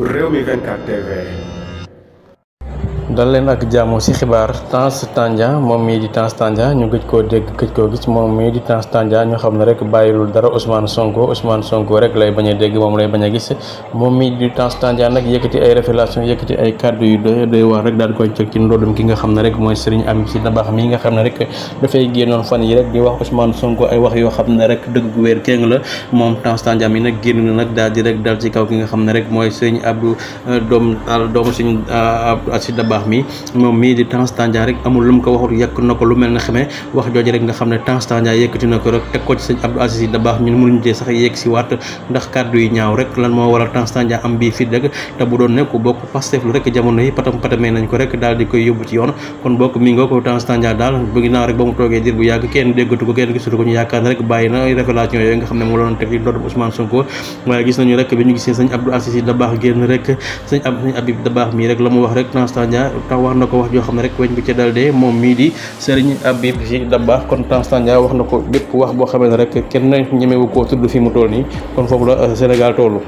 Rewmi 24 TV dal ak jàmm ci xibar Tange tanja mom mi di Tange tanja ñu gëj ko dégg gëj ko gis mom mi di Tange tanja ñu xamne rek bayilul dara Ousmane Sonko Ousmane Sonko rek lay baña a dégg moom lay baña gis mom mi di Tange tanja nak yëkëti ay révélation yëkëti ay cadeau yu doy doy waar rek daal koy ci ci ndodum ki nga xamne rek moy Serigne am ci nabax mi nga xamne rek rek fay génnoon fan yi rek di wax Ousmane Sonko ay wax yo xamne rek dëgg gu wër keng la mom Tange tanja mi nak génn na nak daal di rek dal ci kaw ki nga xamne rek moy Serigne Abdou euh, doom dom Serigne euh, wax mi mom mi di Tange Tandian rek amul lum ko waxul yak nako lu melni xame wax jojje rek nga xamne ne Tange Tandian yëkkati na rek tek ko ci seigne Abdou Aziz da bax ñun mënuñu cee sax yek ci wat ndax cardu yi ñaaw rek lan mo waral Tange Tandian am bi fi deug ta bu doon ne ku bokk Pastef lu rek jamono yi patam patame nañ ko rek dal di koy yobbu ci yoon kon bokk mi nga ko Tange Tandian daal bu ginnaaw rek ba mu toogee diir bu yag kenn deggatu ko kenn gisatu ko ñu yaakaar rek bayina na révélation yooyu nga xamne mo moo doon teg dootu Ousmane Sonko waaye gis nañu rek biñu ñu gisee sëñ Abdou Aziz da bax genn rek seigne abdou habib da bax mi rek lamu wax rek Tange Tandian taw wax na ko wax joo xam ne rek weñ bu ca dal dee moom mii di Serigne Abib da baax kon Tanzania wax na ko bépp wax boo xamee ne rek kenn ñemewu koo tudd fi mu toll nii kon foofu la Sénégal toll.